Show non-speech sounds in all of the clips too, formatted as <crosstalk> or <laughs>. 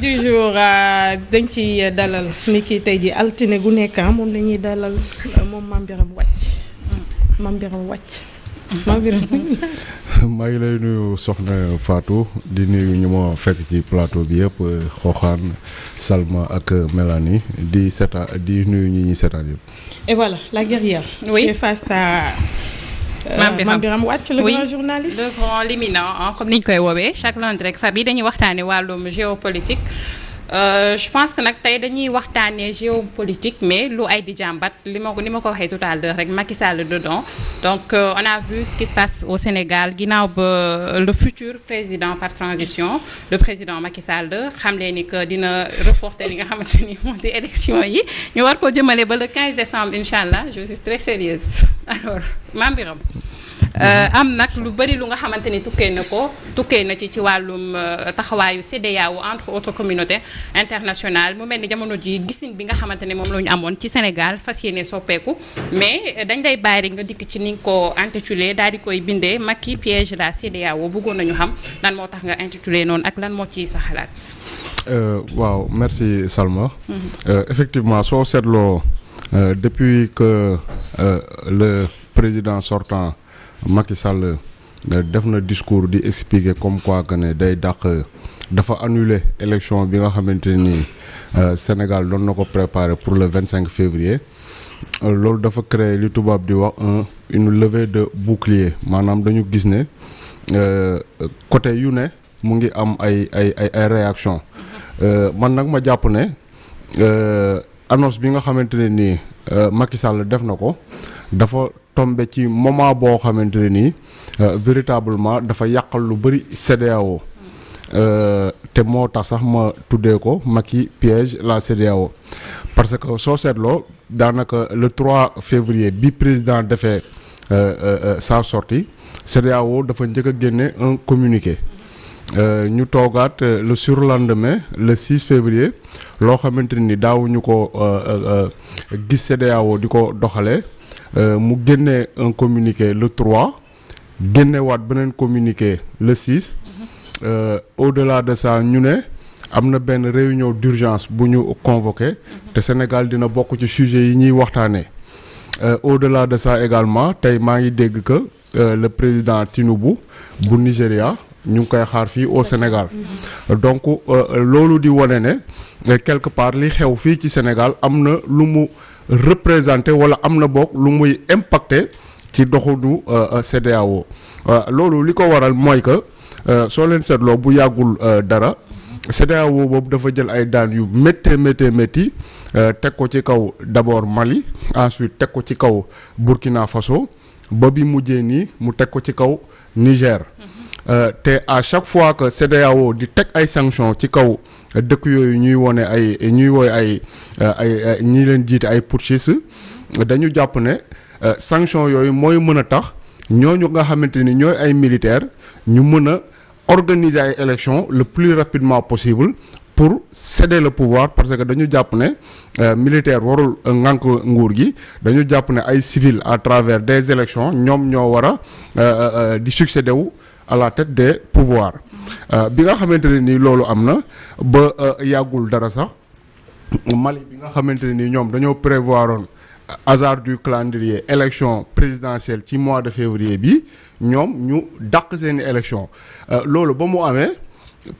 rubrique du jour euh, dañ ci dalal ni ki tey ji altine gu nekk ah, moom na ñuy dalal moom Mame Birame Wathie Mame Birame Wathie Mame Birame maa lay nuyu soxna Fatou di nuyu ñu ma fekk ci plateau bi yëpp xooxaan Salma ak Mélanie di seetaan di nuyu ñi ñuy seetaan yëpp. et voilà la guerrière. oui face Mame Birame wàcc le grand journaliste le grand l'éminent comme ni ñu koy woowee chaque lundi rek Faby dañuy waxtaanee wàllum géopolitique. Euh, je pense que nag tey dañuy waxtaanee géopolitique mais lu ay di jàmbat li ma ko ni ma ko waxee tout à l'heure rek Macky Sall donc euh, on a qui se passe au Sénégal ginnaaw ba euh, le futur président par transition le président Macky Sall xam leen ni que dina reporter li nga xamante ni moo di élection yi ñu war ko jëmale ba le 15 décembre incha allah je suis très sérieuse alors Mame Birame Euh, am nag lu bëri lu nga xamante ni tukkee na ko tukkee na ci ci wàllum euh, taxawaayu CEDEAO entre autres communautés internationales mu mel ni jamono ji gisin bi nga xamante ne moom la amoon ci Sénégal fas yéene soppeeku mais euh, dañ lay bari nga dikk ci ni nga ko intitulé daal di koy bindee Macky piège la CEDEAO bëggoon nañu xam lan moo tax nga intitulé noonu ak lan moo ciy sa xalaat. waaw merci Salma. Mhm. Euh, effectivement soo seetloo depuis que euh, le président sortant. Macky Sall euh, def na discours di expliquer comme quoi que ne day dàq euh, dafa annuler élection bi nga xamante ni euh, Sénégal doon na ko préparer pour le vingt cinq février loolu dafa créer li tubaab di wax un une levée de bouclier maanaam dañu gis ne côté yu ne mu ngi am ay ay ay ay réaction man nag ma jàpp ne annonce bi nga xamante ne nii Macky Sall def na ko dafa tombé ci moment boo xamante ne nii euh, véritablement dafa yàqal lu bëri CEDEAO euh, te moo tax sax ma tuddee ko mag Macky piège la CEDEAO parce que soo seetloo daanaka le trois février bi président defee euh, sa sorti CEDEAO dafa njëkk a génne un communiqué ñu toogaat le sur surlendemain le 6 février loo xamante ni daawuñu ko gis CEDEAO di ko doxalee Euh, mu génnee un communiqué le 3 génnewaat beneen communiqué le 6 au la de ça ñu ne am na benn réunion d'urgence bu ñu convoqué te Sénégal dina bokk ci sujet yi ñuy waxtaanee euh, au la de ça également tey maa ngi dégg que euh, le président Tinubu bu Nigéria ñu ngi koy xaar fii au Sénégal donc loolu di wone ne quelque part li xew fii ci Sénégal am na lu mu représenté wala am na boog lu muy impacté ci doxunu euh, euh, CEDEAO euh, loolu li ko waral mooy que soo leen seetloo bu yàggul dara CEDEAO boobu dafa jël ay daan yu méttee méttee métti teg ko ci kaw d'abord Mali ensuite teg ko ci kaw Burkina Faso ba bi mujjee nii mu teg ko ci kaw Niger mm-hmm. te à chaque fois que CEDEAO di teg ay sanctions ci kaw dëkk yooyu ñuy wone ay ñuy woy ay ay ñi leen jiite ay putschistes dañu jàpp ne euh, sanction yooyu mooy mën a tax ñooñu nga xamante ni ñooy ay militaires ñu mën a organiser ay élections le plus rapidement possible pour céder le pouvoir parce que dañu jàpp ne euh, militaire warul ngànk nguur gi dañu jàpp ne ay civils à travers des élections ñoom ñoo war a euh, di succéder wu à la tête des pouvoirs Euh, bi nga xamante ne ni loolu am na ba euh, yàggul dara sax Mali bi nga xamante ne ni ñoom dañoo prévoiroon euh, hasard du calendrier élection présidentielle ci mois de février bi ñoom ñu dàq seeni élection loolu ba mu amee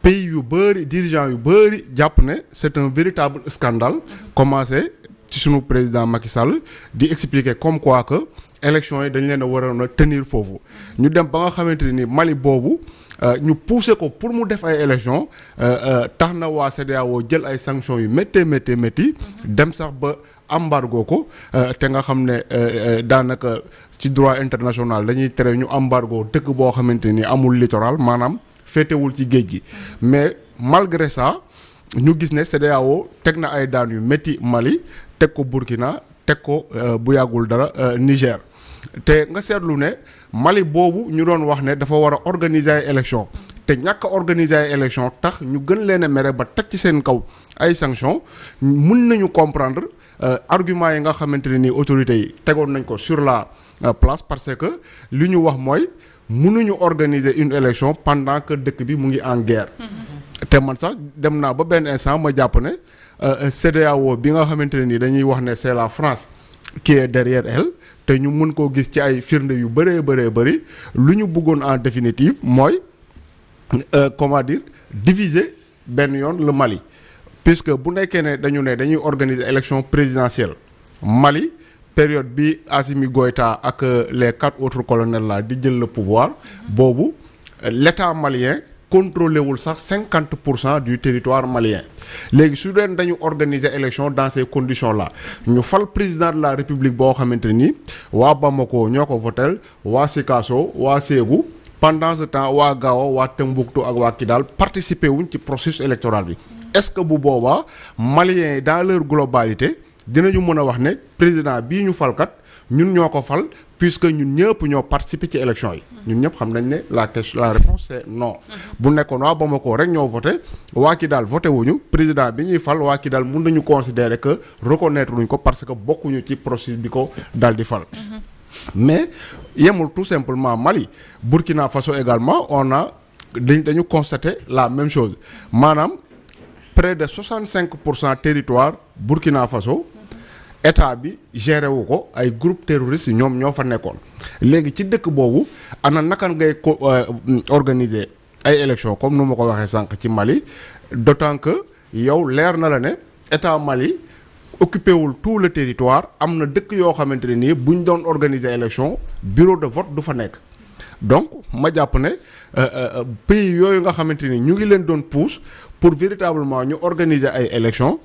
pays yu bëri dirigeants yu bëri jàpp ne c'est un véritable scandale commencé ci sunu président Macky Sall di expliquer comme quoi que élection yi dañu leen a waroon a tenir foofu ñu dem ba nga xamante ni Mali boobu euh, ñu pousser ko pour mu def ay élection euh, euh, tax na waa CEDEAO jël ay sanctions yu méttee méttee métti dem sax ba embargo ko te nga xam ne daanaka ci droit international dañuy tere ñu embargo dëkk boo xamante ni amul littoral maanaam féetewul ci géej gi mais malgré ça ñu gis ne CEDEAO teg na ay daan yu métti Mali teg ko Burkina teg ko bu yàggul dara Niger te nga seetlu ne Mali boobu ñu doon wax ne dafa war a organiser ay te ñàkk a organiser tax ñu gën leen a mere ba teg ci seen kaw ay sanctions mun nañu comprendre euh, argument yi nga xamante ne ni autorités yi tegoon nañ ko sur la euh, place parce que li ñu wax mooy mun nañu organiser une élection pendant que dëkk bi mu ngi en guerre. te man sax dem naa ba benn instant ma jàpp ne euh, CEDEAO bi nga xamante ne ni dañuy wax ne c'est la France qui est derrière elle. te ñu mën koo gis ci ay firnde yu bëree bëree bëri lu ñu bëggoon en définitive mooy euh, comment dire diviser benn yoon le Mali puisque bu nekkee ne dañu ne dañuy organiser élection présidentielle Mali période bi Assimi Goïta ak euh, les quatre autres colonels la di jël le pouvoir boobu euh, l'État malien contrôlé wul sax cinquante pour cent du territoire malien léegi su deen dañu organiser élection dans ces conditions la ñu fal président de la république boo xamante ni waa Bamako ñoo ko votel waa Sikasso waa Ségou pendance temps waa Gao waa Tombouctou ak waa Kidal participer wuñ ci processus électoral bi est-ce que bu boobaa malien yi dans leur globalité dinañu mën a wax ne président bii ñu falkat ñun ñoo ko fal puisque ñun ñëpp ñoo participer ci élection yi. ñu ñëpp xam nañ ne la question la réponse c'est non. bu nekkoon waa Bamako rek ñoo voté waa ki daal voté wuñu président bi ñuy fal waa ki daal mun nañu considérer que reconnaître luñ ko parce que bokkuñu ci processus bi ko daal di fal. Mhm. mais yemul tout simplement Mali Burkina Faso également on a dañu constaté la même chose maanaam près de 65 pour cent territoire Burkina Faso. état bi géré wu ko ay groupe terroriste ñoom ñoo fa nekkoon léegi ci dëkk boobu ana naka ngay ko euh, organiser ay élection comme nu ma ko waxee sànq ci Mali d'autant que yow leer na la ne état Mali occupé wul tout le territoire am na dëkk yoo xamante ne nii bu doon organiser élection bureau de vote du fa nekk donc ma jàpp ne euh, euh, pays yooyu nga xamante ni ñu ngi leen doon pousse pour véritablement ñu organiser ay élection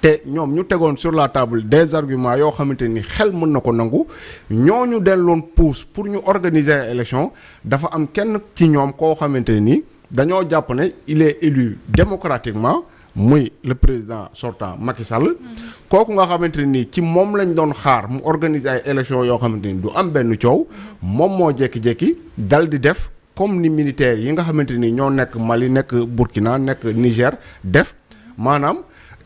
te ñoom ñu tegoon sur la table des arguments yoo xamante nii xel mën na ko nangu ñooñu delloon pouse pour ñu organiser élection dafa am kenn ci ñoom koo xamante ni dañoo jàpp ne il est élu démocratiquement muy le président sortant Macky Sall. Mm-hmm. kooku nga xamante nii ci moom lañ doon xaar mu organiser ay élection yoo xamante ni du am benn coow mm-hmm. moom moo jékki-jékki dal di def comme ni militaires yi nga xamante ni ñoo nekk Mali nekk Burkina nekk Niger def mm-hmm. maanaam.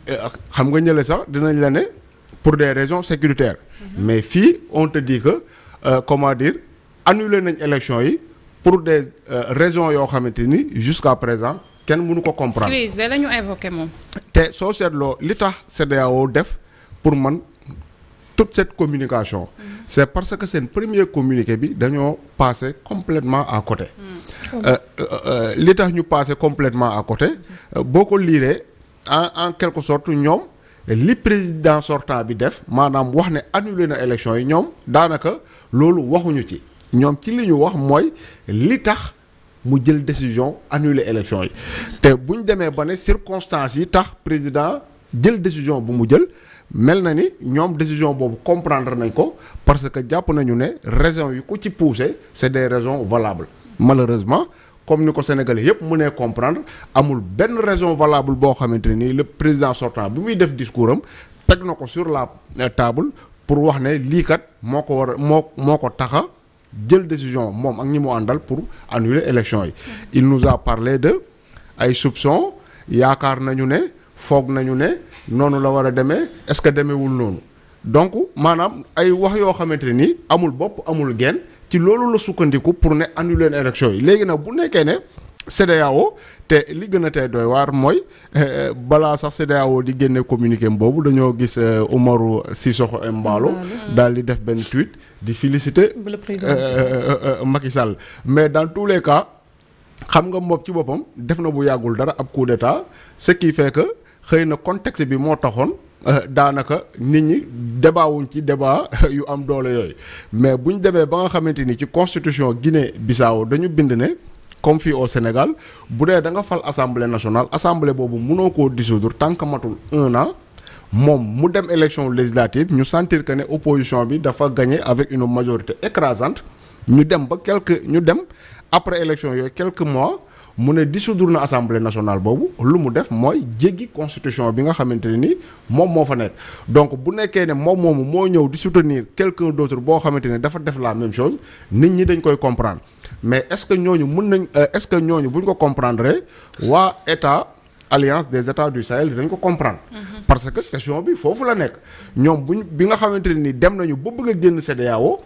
Euh, xam nga ñële sax dinañ la ne pour des raisons sécuritaires. Mhm. mais fii on te dit que euh, comment dire annulé nañ élection yi pour des euh, raisons yoo xamante ni jusqu'à présent kenn mënu ko comprendre. crise de lañu invoqué moom. te soo seetloo li tax CEDEAO def pour man toute cette communication. Mm. c'est parce que seen premier communiqué bi dañoo passé complètement à côté. Mhm. Euh, euh, li tax ñu passé complètement à côté boo ko liiree. en en quelque sorte ñoom li président sortant bi def maanaam wax ne annulé na élection yi ñoom daanaka loolu waxuñu ci ñoom ci li ñu wax mooy li tax mu jël décision annuler élection yi te bu ñu demee ba ne circonstances yi tax président jël décision bu mu jël mel na ni ñoom décision boobu comprendre nañ ko parce que jàpp nañu ne raisons yi ko ci poussé c'est des raisons valables malheureusement comme ni ko sénégalais yépp mu nee comprendre amul benn raison valable boo xamante nii le président sortant bi muy def discours am teg na ko sur la euh, table pour wax ne lii kat moo ko war a moo moo ko taxa jël décision moom ak ñi mu àndal pour annuler élection yi il nous a parlé de ay soupçons yaakaar nañu ne foog nañu ne noonu la war a demee est-ce que demeewul noonu donc maanaam ay wax yoo xamante nii amul bopp amul genn ci loolu la sukkandiku pour ne annuler leen élection yi léegi nag bu nekkee ne CEDEAO te li gën a tey doy waar mooy eh, eh, balaa sax CEDEAO di génne communiqué boobu dañoo gis eh, Umaru Sissoko Embaló ah. daal di def benn tweet di féliciter Macky Sall mais dans tous les cas xam nga moom ci boppam def na bu yàggul dara ab coup d'état ce que xëy na contexte bi moo taxoon Euh, daanaka nit ñi débat wuñ ci débat <laughs> yu am doole yooyu mais bu ñu demee ba nga xamante ni ci constitution Guinée Bissau dañu bind ne comme fii au Sénégal bu dee da nga fal assemblée nationale assemblée boobu mënoo koo dissoudre tant que matul un an moom mu dem élection législative ñu sentir que ne opposition bi dafa gagné avec une majorité écrasante ñu dem ba quelque ñu dem après élection yooyu quelque mois. mu ne dissoudre na assemblée nationale boobu lu mu def mooy jéggi constitution bi nga xamante ne ni moom moo fa nekk donc bu nekkee ne moom moomu moo ñëw di soutenir quelqu'un d'autre boo xamante ni dafa def la même chose nit ñi dañ koy comprendre mais est-ce que ñooñu mun nañ euh, est-ce que ñooñu buñ ko comprendre waa état alliance des états du Sahel dañ ko comprendre. Mm-hmm. parce que question bi foofu la nekk ñoom buñ bi nga xamante ne ni dem nañu ba bëgg a génn CEDEAO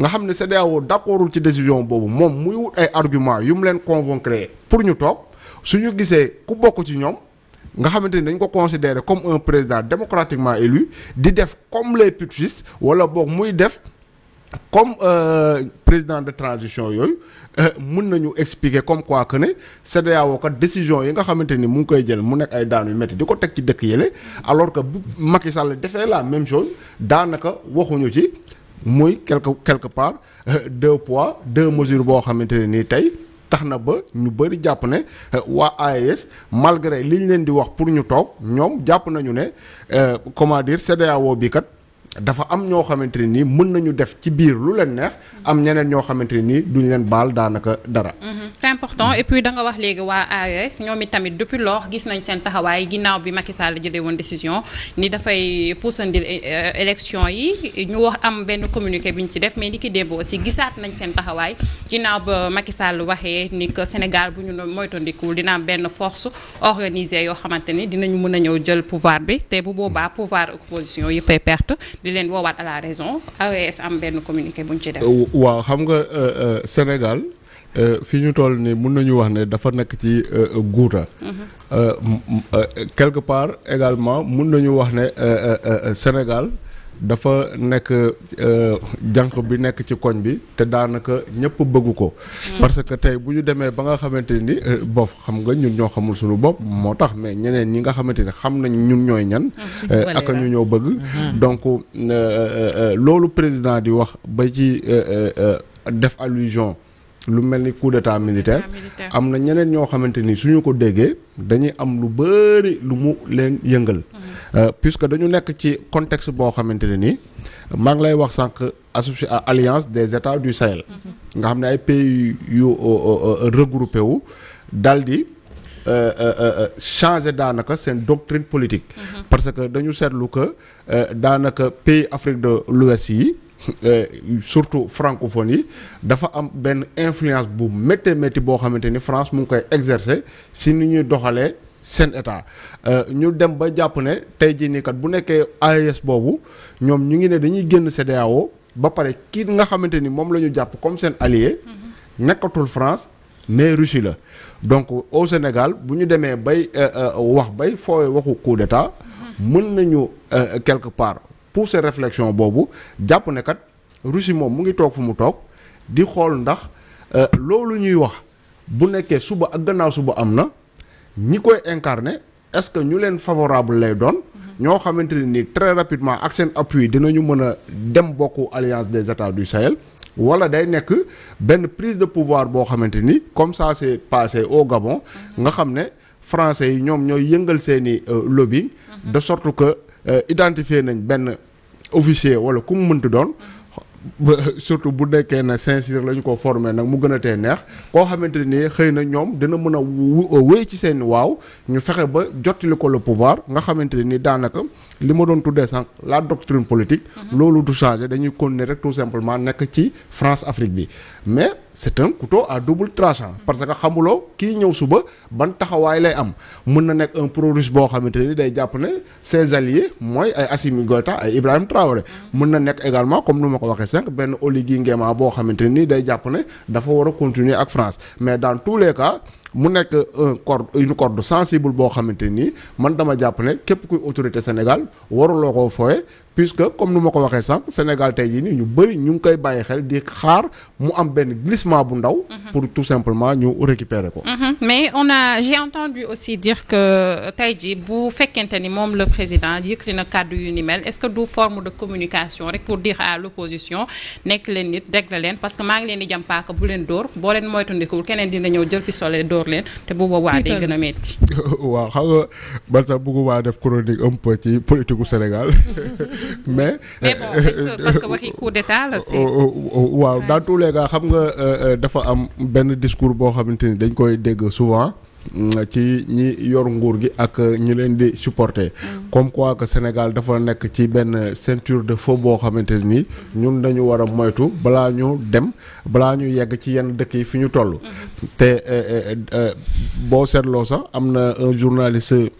nga xam ne CEDEAO d'accordul ci décision boobu moom muy wut ay argument yu mu leen convaincre pour ñu toog ñu gisee ku bokk ci ñoom nga xamante ni dañ ko considérer comme un président démocratiquement élu di def comme les putschistes wala boog muy def comme euh, président de transition yooyu euh, mun nañu expliquer comme quoi que ne CEDEAO kat décision yi nga xamante ni mu ngi koy jël mu nekk ay daan yu métti di ko teg ci dëkk yële alors que bu Macky Sall defee la même chose daanaka waxuñu ci mooy quelque quelque part euh, deux pois deux mesures boo xamante ne nii tey tax na ba ñu bëri jàpp ne euh, waa AES malgré li ñu leen di wax pour ñu toog ñoom jàpp nañu ne euh, comment dire CEDEAO bi kat. dafa am ñoo xamante ne nii mën nañu def ci biir lu leen neex am ñeneen ñoo xamante ne nii duñu leen baal daanaka dara. Mhm. c'est important et puis da nga wax léegi waa AES ñoom it tamit depuis lors gis nañ seen taxawaay ginnaaw bi Macky Sall jëlee woon décision ni dafay puusandil euh, élection yi ñu wax am benn communiqué bi ñu ci def mais ni ki démb aussi gisaat nañ seen taxawaay ginnaaw ba Macky Sall waxee ni que Sénégal bu ñu moytandikuwul dina am benn force organisée yoo xamante ni dinañu mën a ñëw jël pouvoir bi te bu boobaa pouvoir opposition yëppay perte. di leen woowaat à la raison AES am benn communiqué buñ ci def. Euh, waaw xam nga euh, euh, Sénégal fi ñu toll nii mun nañu wax ne dafa nakk ci guuta. Mm-hmm. quelque part également mun nañu wax ne Sénégal. dafa nekk euh, jànq bi nekk ci koñ bi te daanaka ñëpp bëgg ko. Mm. parce que tey bu ñu demee ba nga xamante ni euh, boof xam nga ñun ñoo xamul suñu bopp moo tax mais ñeneen ñi nga xamante ni xam nañ ñun ñooy ñan. Ah, euh, aka ñu ñoo bëgg. Mm-hmm. donc loolu président di wax ba ci def allusion. lu mel ni coup d'état militaire am na ñeneen ñoo xamante ni suñu ko déggee dañuy am lu bëri lu mu leen yëngal. Mm-hmm. Euh, puisque dañu nekk ci contexte boo xamante ne nii maa ngi lay wax sànq associé à alliance des états du Sahel. Mm-hmm. nga xam ne ay pays yu euh, euh, regroupé wu dal di changer daanaka seen doctrine politique. Mm-hmm. parce que dañu seetlu que daanaka pays Afrique de l'Ouest yi. Euh, surtout francophones yi dafa am benn influence bu méttee métti boo xamante ni France mu ngi koy exercer si ni ñuy doxalee seen état euh, ñu dem ba jàpp ne tey jii nii kat bu nekkee AES boobu ñoom ñu ngi ne dañuy génn CEDEAO ba pare kii nga xamante ni moom la ñu jàpp comme seen allié. Mhm. nekkatul France mais russi la. donc au Sénégal bu ñu demee bay euh, euh, wax bay foowe waxu coup d'état mhm. mën nañu quelque part pousser reflexion boobu jàpp ne kat Russie moom mu ngi toog fu mu toog di xool ndax loolu ñuy wax bu nekkee suba ak gannaaw suba am na. ñi koy incarné est-ce que ñu leen favorable lay doon. Mhm. ñoo xamante ne ni très rapidement ak seen appui dinañu mën a dem bokk alliance des états du Sahel. wala day nekk benn prise de pouvoir boo xamante ni comme ça s'est passé au Gabon. Mhm. nga xam ne français yi ñoom ñooy yëngal seeni euh, lobby. Mhm. de sorte que euh, identifier nañ benn officier wala ku mu mënti doon. surtout bu nekkee ne Saint-Cyr la ñu ko formé nag mu gën a tee neex koo xamante ni xëy na ñoom dina mën a wéy ci seen waaw ñu fexe ba jottali ko le pouvoir nga xamante nii daanaka li ma doon tuddee sànq la doctrine politique. Mhm. loolu du changé dañuy continuer rek tout simplement nekk ci France Afrique bi mais c'est un couteau à double tranchant mhm. parce que xamuloo kii ñëw suba ban taxawaay lay am mën na nekk un pro boo xamante ni day jàpp ne ses alliés mooy ay Assimi Goïta ay Ibrahim Traoré mhm. mën na nekk également comme nu ma ko waxee cinq benn Oligui Nguema boo xamante ni day jàpp ne dafa war a continuer ak France mai dans tous les cas mu nekk un corde une corde sensible boo xamante ni man dama jàpp ne képp kuy autorité Sénégal waruloo koo fooye puisque comme nu ma ko waxee sànq Sénégal tey jii nii ñu bëri ñu ngi koy bàyyi xel di xaar mu am benn glissement bu ndaw. Mhm. pour tout simplement ñu récupérer ko. Mhm. mais on a j'ai entendu aussi dire que euh, tey jii bu fekkente ni moom le président yëkkati na kàddu yu ni mel est-ce que du forme de communication rek pour dire à l'opposition nekk leen nit dégg la leen parce que maa ngi leen di jam paaka bu leen dóor boo leen moytandikuwul keneen dina ñëw jël pistolet dóor leen te bu a metti <laughs> waaw xam nga man sax bëgguma def chronique un peu <laughs> mais. waaw dans tous les xam nga euh, euh, dafa am benn discours boo xamante ni dañ koy dégg souvent. Mm, ci ñi yor nguur gi ak ñi leen di supporter mm. comme quoi que Sénégal dafa nekk ci benn ceinture de feu boo xamante nii ñun dañu war a moytu balaa ñu dem balaa ñu yegg ci yenn dëkk yi fi ñu toll mm-hmm. te euh, boo seetloo sax am na un journaliste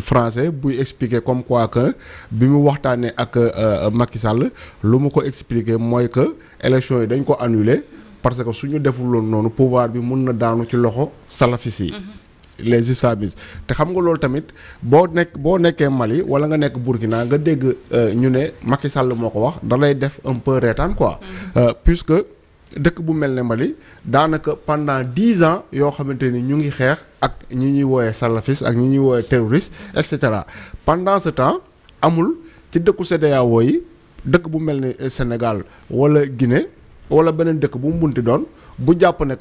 français buy expliquer comme quoi que bi mu waxtaanee ak euh, Macky Sall lu mu ko expliquer mooy que élection yi dañ ko annuler parce que suñu deful loon noonu pouvoir bi mun na daanu ci loxo salafis yi mm-hmm. les islamistes te xam nga loolu tamit boo nekk boo nekkee Mali wala nga nekk Burkina nga dégg euh, ñu ne Macky Sall moo ko wax da lay def un peu reetaan quoi mm-hmm. euh, puisque dëkk bu mel ne Mali daanaka pendant dix ans yoo xamante ni ñu ngi xeex ak ñi ñuy woowee salafis ak ñi ñuy woowee terroriste et cetera pendant ce temps amul ci dëkku CEDEAO yi dëkk bu mel ne Sénégal wala Guinée wala beneen dëkk bu mu munti doon bu jàpp ne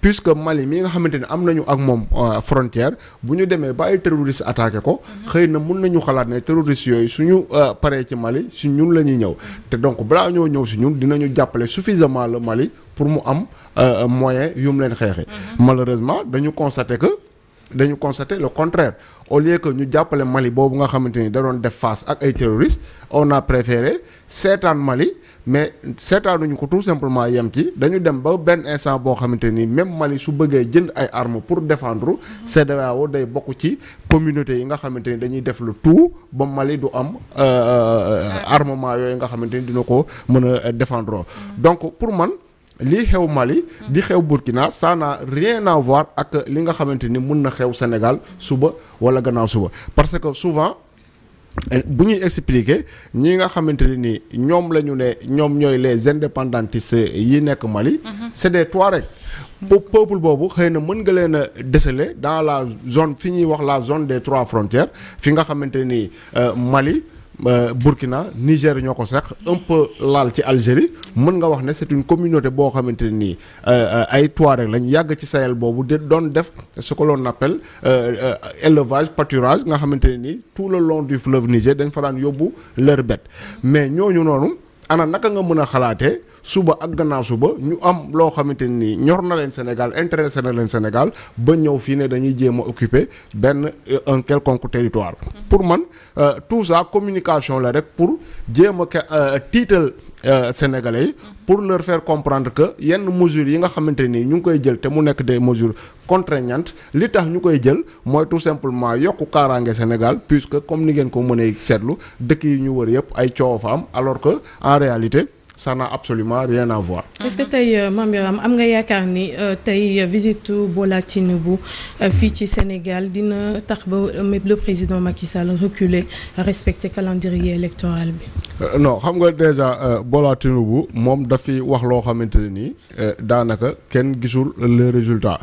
puisque Mali mii nga xamante ne am nañu ak moom euh, frontière bu ñu demee ba ay terroriste attaqué ko mhm. xëy na mun nañu xalaat ne terroriste yooyu suñu euh, paree ci Mali si ñun la ñuy ñëw mhm. te donc balaa ñoo ñëw si ñun dinañu jàppale suffisamment le Mali pour mu am euh, moyen yu mu leen xeexee mhm. malheureusement dañu constater que dañu constater le contraire au lieu que ñu jàppale Mali boobu nga xamante ni da doon def face ak ay terroristes on a préféré seetaan Mali mais seetaanuñu ko tout simplement yem ci dañu dem ba benn instant boo xamante nii même Mali su bëggee jënd ay arme pour défendre CEDEAO day bokk ci communauté yi nga xamante ni dañuy def le tout ba Mali du am euh, euh, armement yooyu nga xamante ni dina ko mën a défendre pour man lii xew Mali di xew Burkina ça n'a rien à voir ak li nga xamante ni mun na xew Sénégal suba wala gannaaw suba parce que souvent eh, bu ñuy expliquer ñi nga xamante ne ni ñoom la ñu ne ñoom ñooy les indépendantistes yi nekk Mali. Mhm. c'est des Touaregs. peuple boobu xëy na mën nga leen a déceler dans la zone fi ñuy wax la zone des trois frontières fi nga xamante ni euh, Mali. Euh, Burkina Niger ñoo ko seq un laal ci Algérie mën nga wax ne c'est une communauté boo xamante ne nii euh, euh, ay Touareg lañ yàgg ci Sahel boobu de doon def ce que l'on appelle élevage pâturage nga xamante ne nii tout le long du fleuve Niger dañ fa yóbbu leurs bêtes mais ñooñu noonu. ana naka nga mën a xalaatee suba ak gannaaw suba ñu am loo xamante nii ñor na leen Sénégal intéressé na leen Sénégal ba ñëw fii ne dañuy jéem a occuper benn euh, un quelconque territoire. Mm-hmm. pour man euh, tout ça communication la rek pour jéem a euh, tiital. Euh, sénégalais yi pour leur faire comprendre que yenn mesures yi nga xamante nii ñu ngi koy jël te mu nekk des mesures contraignantes li tax ñu koy jël mooy tout simplement yokku kaaraange Sénégal puisque comme ni ngeen ko mënee seetlu dëkk yi ñu wër yëpp ay coow fa am alors que en réalité ça n'a absolument rien à voir. est-ce que tey euh, Mame am nga yaakaar ni euh, tey euh, visite Bola bu fii ci Sénégal dina tax ba le président Macky Sall reculer respecte calendrier électoral bi. no xam nga déjà Bola Tinubu moom dafi wax loo xamante ne nii daanaka kenn gisul le résultat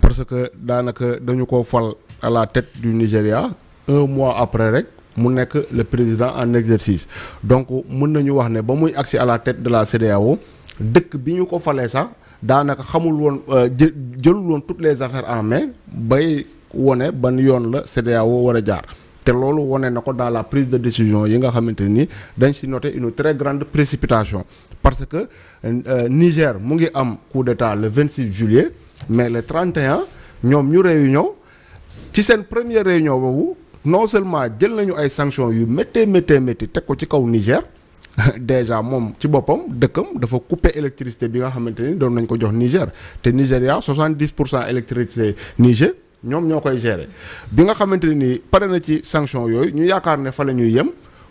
parce que daanaka dañu ko fal à la tête du Nigéria un mois après rek. mu nekk le président en exercice donc mën nañu wax ne ba muy agsi à la tête de la CEDEAO dëkk bi ñu ko falee sax daanaka xamul woon euh, jë jëlul woon toutes les affaires en main bay wone ban yoon la CEDEAO war a jaar te loolu wone na ko dans la prise de décision yi nga xamante ni dañ si noter une très grande présipitation parce que euh, Niger mu ngi am coup d'état le 26 juillet mais trente 31 ñoom ñu réunion ci seen première réunion boobu non seulement jël nañu ay sanctions yu méttee méttee métti teg ko ci kaw Niger <laughs> déjà moom ci boppam dëkkam dafa couper électricité bi nga xamante ni doon nañ ko jox Niger te Nigéria 70 pour cent électricité Niger ñoom ñoo koy gérer bi nga xamante ni pare na ci sanction yooyu ñu yaakaar ne fa la ñuy yem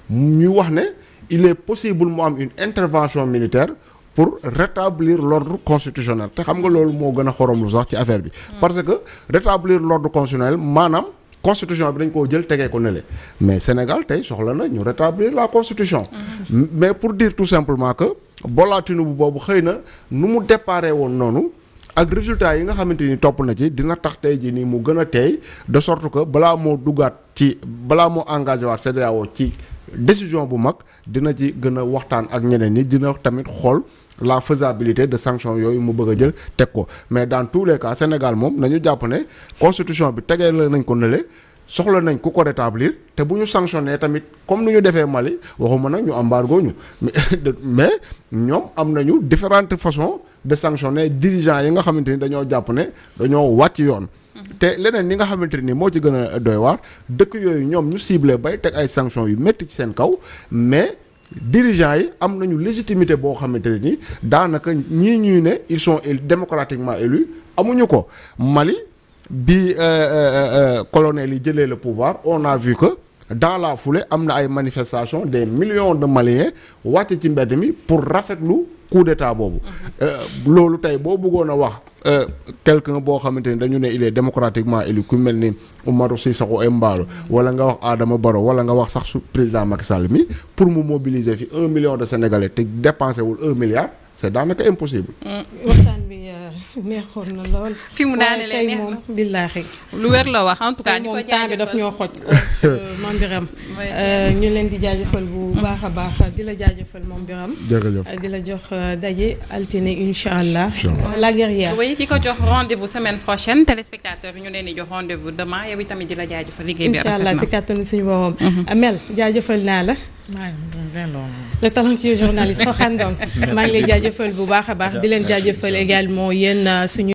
ñu wax ne il est possible mu am une intervention militaire pour rétablir l'ordre constitutionnel te xam nga loolu moo gën a xorom lu sax ci affaire bi. Hmm. parce que rétablir l'ordre constitutionnel maanaam. constitution bi dañ koo jël tegee ko nële mais Sénégal tey soxla na ñu rétablir la constitution. Mm-hmm. mais pour dire tout simplement que Bola bu boobu xëy na nu mu déparé woon noonu. ak résultat yi nga xamante ni topp na ci dina tax tey ji nii mu gën a teey de sorte que balaa moo duggaat ci balaa moo engagé waat CEDEAO ci décision bu mag dina ci gën a waxtaan ak ñeneen yi dina tamit xool la faisabilité de sanction yooyu mu bëgg a jël teg ko mais dans tous les cas Sénégal moom nañu jàpp ne constitution bi tegee la nañ ko nële soxla nañ ku ko rétablir te bu ñu sanctionné tamit comme nu ñu defee Mali waxuma nag ñu embargo ñu <laughs> mais ñoom am nañu différentes façons de sanctionner dirigeants yi nga xamante ni dañoo jàpp ne dañoo wàcc yoon. te leneen li nga xamante ni moo ci gën a doy waar dëkk yooyu ñoom ñu ciblé bay teg ay sanctions yu métti ci seen kaw mais. dirigeants yi am nañu légitimité boo xamante ne ni daanaka ñii ñuy ne ils sont démocratiquement élus amuñu ko Mali bi euh, euh, euh, colonel yi jëlee le pouvoir on a vu que dans la foulée am na ay manifestation des millions de Maliens wàcce ci mbedd mi pour rafetlu coup d'état boobu. Mhm. loolu tey boo bëggoon a wax. Euh, quelqu'un boo xamante ni dañu ne il est démocratiquement élu ku mel ni saxu ay mbaalo wala nga wax aadama Barrow wala nga wax sax su président Macky Sall mi pour mu mobiliser fi un million de sénégalais teg dépensé wul un milliard c'est daanaka impossible. Mm, neexoon na lool. fi mu daanelee neex moom billaahi lu wér la wax en tout cas. ñu ko bi daf ñoo xoj. <laughs> Mame Birame euh, ñu leen di jaajëfal bu mm-hmm. baax a baax di la jaajëfal Mame Birame. jërëjëf di la jox euh, daje altine incha allah. la guerrière. oui di ko jox rendez vous semaine prochaine téléspectateur yi ñu leen di jox rendez vous demain yow itamit di la jaajëfal liggéey bi. incha allah si kattanu suñu borom. Mm-hmm. Amel jaajëfal naa la. le talentueux journaliste Rokhane Ndong maa ngi lay <laughs> jaajëfal bu baax a baax di leen jaajëfal également yenn ah, suñu